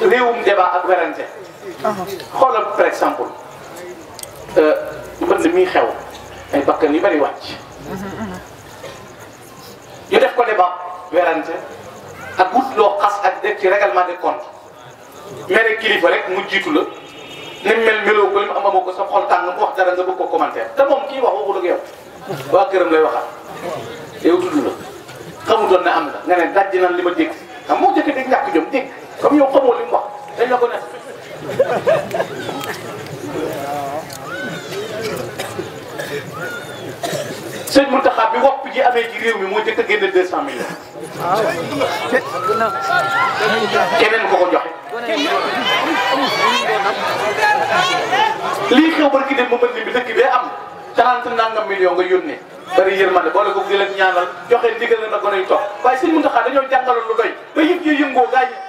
réewum débat ak werante xoolal par exemple euh, mbënd muy xew ay bakkan yu bëri wàcc ñu ko débat werante ak wut loo xas ak def ci règlement de compte mere kilifa rek mu jiitu la ni mel meloo ko li mu am ko sa xol tàng mu wax dara nga bëgg ko commentaire te moom kii wax waxul ak yow waa këram lay waxaat yow tudd la xamutoon ne am na nga ne daj nan li ma dégg xam moo jëkk dégg ñàkk jom dégg comme yow xamoo li mu dañ la ko ne sëñ Mountakha bi wopp ji amee ci réew mi moo jëkk a génne 200 millions. keneen ko ko joxe. lii xew ba ki dem ba mën bi dëkk bee am 30 nangam millions nga yónnee. bari yërmande boole ko di leen ñaanal joxe ndigal na gone yu toog waaye sëñ Mountakha dañoo jàngaloon lu doy ba yëg yëngoo gaa yi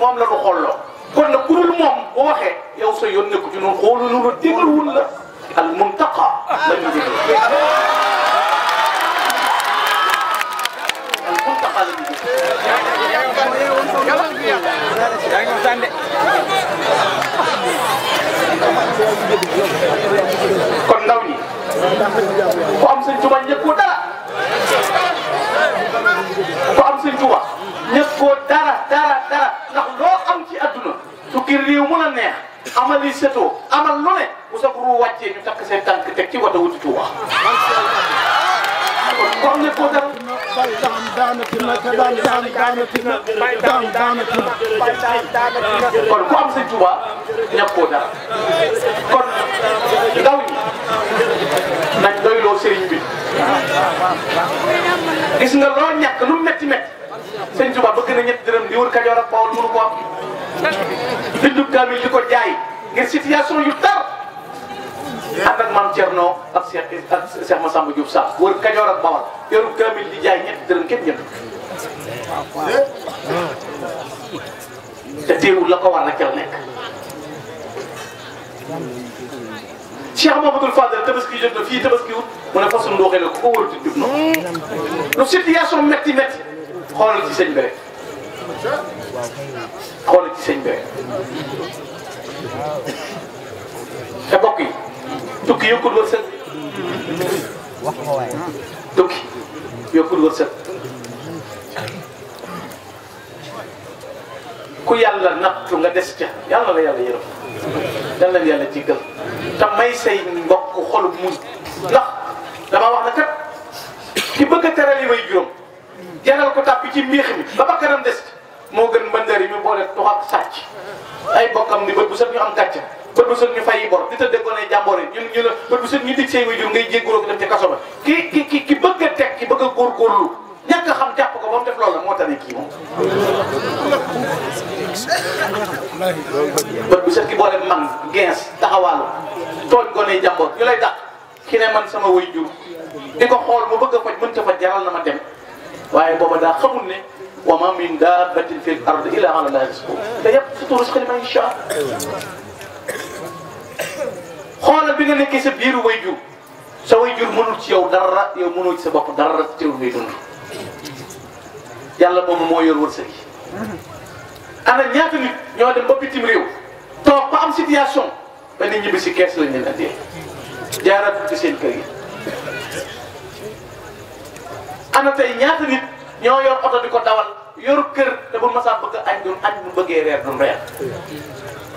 moom la nu xolloo kon nag ku dul moom bu waxee yow sa yoon nekku ci noonu xoolu nu la dégluwul la al muntaqa la ñu déglu al muntaqa la ñu déglu kon ndaw ñi ku am sëñ Tuba ñëkkoo dara ku am sëñ Tuba ñëkkoo dara dara dara amal li setoo amal lu ne bu sa guru wàccee ñu takk seen tànk teg wata wuti tuuba kon kon ku am sëñ tuuba kon ndaw ñi nañ doyloo bi gis nga loo ñàkk lu metti metti sëñ tuuba bëgg na dërëm di wër kajoor ak bawol ko am bindu kaamil ko jaay ngir situation yu tar ànd ak maam Thierno ak Cheikh ak Cheikh yoru kaamil di jaay ñetti dërëm kenn te teewul ko war na kel nekk Cheikh Mamadou Fadel tabaski jot na fii tabaski wut mu ne te bokk yi tukki yokkul wërsëg tukki yokkul wërsëg ku yàlla nattu nga des ca yàlla la yàlla yërëm yàlla la yàlla te may say mbokk xolub muñ ndax dama wax na kat ki bëgg a teral yi may juróom jaral ko tàppi ci mbiix mi ba bakkanam des moo gën mbëndër yi ñu boole tux ak sàcc ay bokkam ni bët bu set ñu am gàcce bët bu set ñu fay yi bor di tëddee gone jàmboor yi ñun ñu la bët bu set ñu dig say wajur ngay jégguroo ko ki ki ki ki bëgg a teg ki bëgg a xam jàpp ko ba def loolu moo tane kii moom bët bu set ki boole man gens taxawaalu tooñ gone jàmboor ñu lay dàq ki ne man sama wajur di ko xool mu bëgg a faj mënta faj jaral na ma dem waaye booba daa xamul ne wa ma min dabbatin fil ard illa ala llahi rizquha te yëpp si tuuru si xalima allah xoolal bi nga nekkee sa biiru wayjur sa wayjur mënul ci yow dara yow mënoo ci sa bopp dara teewul ngay dund yàlla moomu moo yor wërsëg yi. ana ñaata nit ñoo dem ba bitim réew toog ba am situation ba nit ñibbi si kees lañ leen andee jaaraatu ci seen kër yi ana tey ñaata nit. ñoo yor oto di ko dawal yor kër te bu ma saa bëgg añ duñ añ bu bëggee reer duñ reer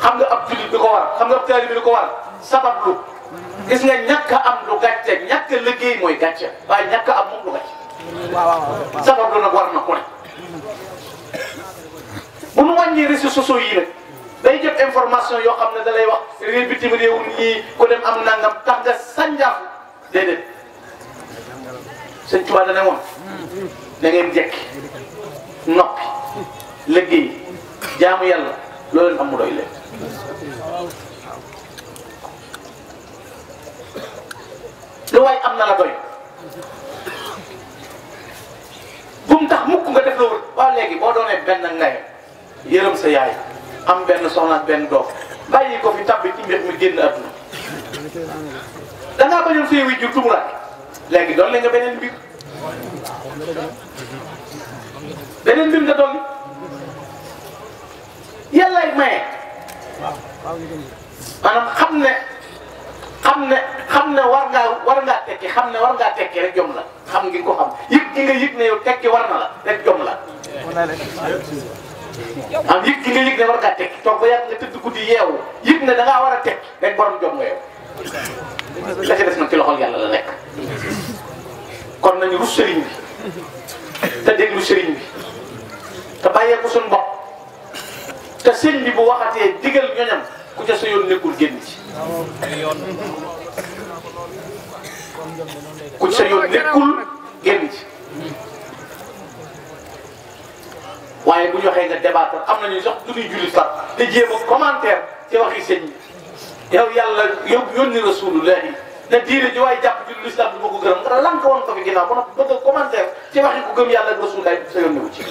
xam nga ab jullit bi ko war xam nga ab taalibe bi ko war sabab lu gis nga ñàkk a am lu gàcce ñàkk a mooy gàcce waaye ñàkk am moom lu gàcce. waaw waaw sabab lu nag war na ku ne. bu nu wàññi réseaux sociaux yi nag day jël information yoo xam ne dalay lay wax réew bitim réew nii ku dem am nangam tax nga sànjaafu déedéet sëñ Tuubaa dana woon. da ngeen jekki noppi liggéey jaamu yàlla loo leen am am na la doy bum tax mukk nga def la wër waaw léegi boo doonee benn ngaye am benn soxna benn doom bàyyi ko fi tabbi doon la nga beneen mbir beneen mbir nga dolli yàllaay maye maanaam xam ne xam ne xam ne war ngaa war ngaa ki xam ne war ngaa tekki rek jom la xam ngi ko xam yëg gi nga yëg ne war na la rek jom la am yëg gi nga yëg ne war ngaa tekki toog ba yàgg nga tëdd guddi yeewu yëg ne da war a tekki rek borom jom nga yow la ci des nag ci loxol yàlla la nekk kon nañu rus sëriñ bi te déglu sëriñ bi te bàyyeeku suñu bopp te sëñ bi bu waxatee digal ñoñam ku ca sa yoon nekkul génn ci ku ca sa yoon nekkul génn ci waaye bu ñu nga débattre am nañu sax du ñuy julli sax te jéem a commentaire ci waxi sëñ bi yow yàlla yow yónni rasulullahi ne diine ji waaye jàpp ci lislam bi moo ko gërëm nga lan ko woon ko fi ginnaaw ba noppi bëgg a commentaire ci waxi ku gëm yàlla ak rasulullah sa yoon ñëw ci